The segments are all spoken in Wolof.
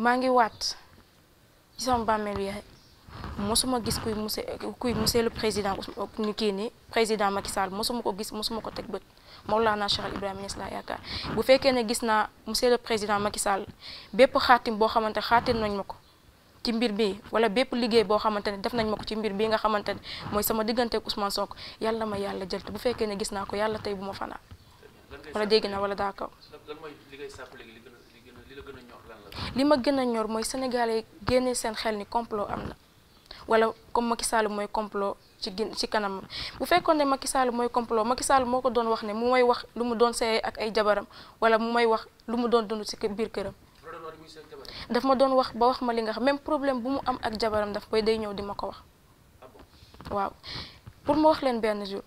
maa ngi waat ci sama bàmmeelu yaay mosuma gis kuy monsieur kuy monsieur le président ni kii ni président Macky Sall mosuma ko gis mosuma ko teg bët moom laa Ibrahima Niass laa yaakaar bu fekkee ne gis naa monsieur le président Macky Sall bépp xaatim boo xamante xaatim nañ ma ko ci mbir bi wala bépp liggéey boo xamante ne def nañ ma ko ci mbir bi nga xamante ne mooy sama diggante ak Ousmane Sonko yàlla ma yàlla jël te bu fekkee ne gis naa ko yàlla tey bu ma fanaan wala dégg na wala daa kaw li ma gën a ñor mooy sénégalais génne seen xel ni complot am na wala comme Macky Sall mooy complot ci gin ci kanam bu fekkoon ne Macky Sall mooy complot Macky Sall moo ko doon wax ne mu may wax lu mu doon seey ak ay jabaram wala mu may wax lu mu doon dund ci biir këram. daf ma doon wax ba wax ma li nga xam même problème bu mu am ak jabaram daf koy day ñëw di ma ko wax ah waaw pour ma wax leen benn jour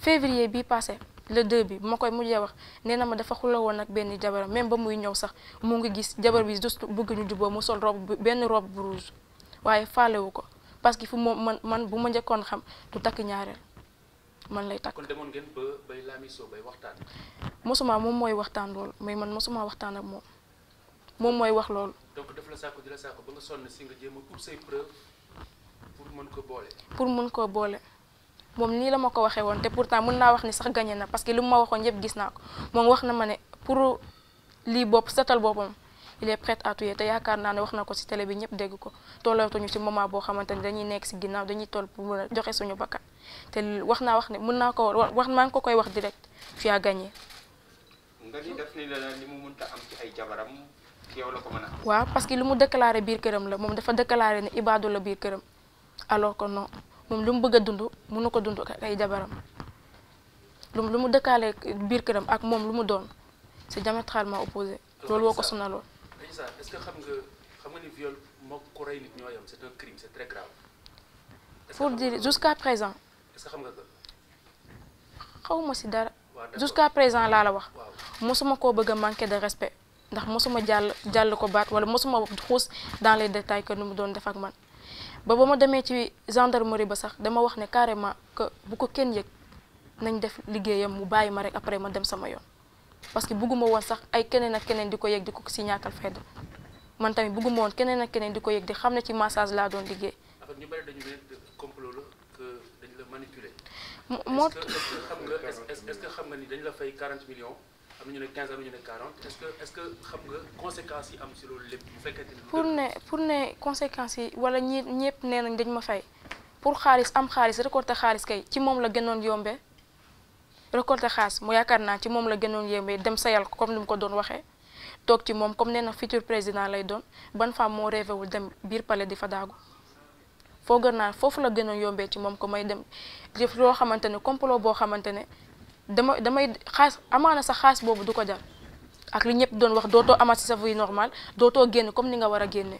février bi passé. le deux bi ma koy mujjee wax nee na ma dafa xula woon ak benn jabaram même ba muy ñëw sax mu ngi gis jabar bi juste bëgg ñu juboo mu sol robe benn robe bu rouge waaye faalewu ko parce que fu moom man man bu ma njëkkoon xam du takk ñaareel man lay takk. kon mosuma moom mooy waxtaan loolu mais man mosuma waxtaan ak moom moom mooy wax loolu. donc daf la pour say koo boole. moom nii la ma ko waxee woon te pourtant mën naa wax ni sax gagné na parce que li mu ma waxoon yëpp gis naa ko moom wax na ma ne pour lii bopp setal boppam il est prêt à yaakaar naa ne wax na ko ci télé bi ñëpp dégg ko tollootuñu ci moment boo xamante ni dañuy nekk ci ginnaaw dañuy toll pour mën a joxe suñu bakkan te wax naa wax ne mën naa ko wax maa ngi ko koy wax direct fi à waaw parce que lu mu déclaré biir këram la moom dafa déclaré ne ibaadu la biir këram alors que moom lu mu bëgg a dund na ko dund ak ay jabaram lu lu mu dëkkaale biir këram ak moom lu mu doon si diamétralement opposé loolu woo ko sonaloon. est-ce que xam nga xam nga ni viol moo ko rey nit ñoo yam c'est un crime c'est très grave. jusqu'à présent. est-ce que dara. jusqu'à présent laa la wax. mosuma koo bëgg a manquer de respect ndax mosuma jàll jàll ko baat wala mosuma xuus dans les détails que nu mu doon def ak man. ba ba ma demee ci gendarmerie ba sax dama wax ne carrément que bu ko kenn yëg nañ def liggéeyam mu bàyyi ma rek après ma dem sama yoon parce que bugguma woon sax ay keneen ak keneen di ko yëg di ko si ñàkkal fayda man tamit bugguma woon keneen ak keneen di ko yëg di xam ne ci massage laa doon liggéey. ñu bari dañu ne complot xam nga ni dañ la fay 40 millions. am ñu ne que est-ce pour ne pour ne conséquences yi wala ñi ñëpp nee nañ dañ ma fay pour xaalis am xaalis récolter xaalis kay ci moom la gënoon yombee récolter xaalis mu yaakaar naa ci moom la gënoon yombee dem sayal ko comme ni mu ko doon waxee toog ci moom comme nee na futur président lay doon ban femme moo rêvé dem biir palais di fa daagu. foo gën naa foofu la gënoon yombee ci moom ko may dem jëf loo xamante ne complot boo xamante ne. dama damay xaas amaane sa xaas boobu du ko jar ak li ñëpp doon wax dootoo amaat si sa vie normale dootoo génn comme ni nga war a génne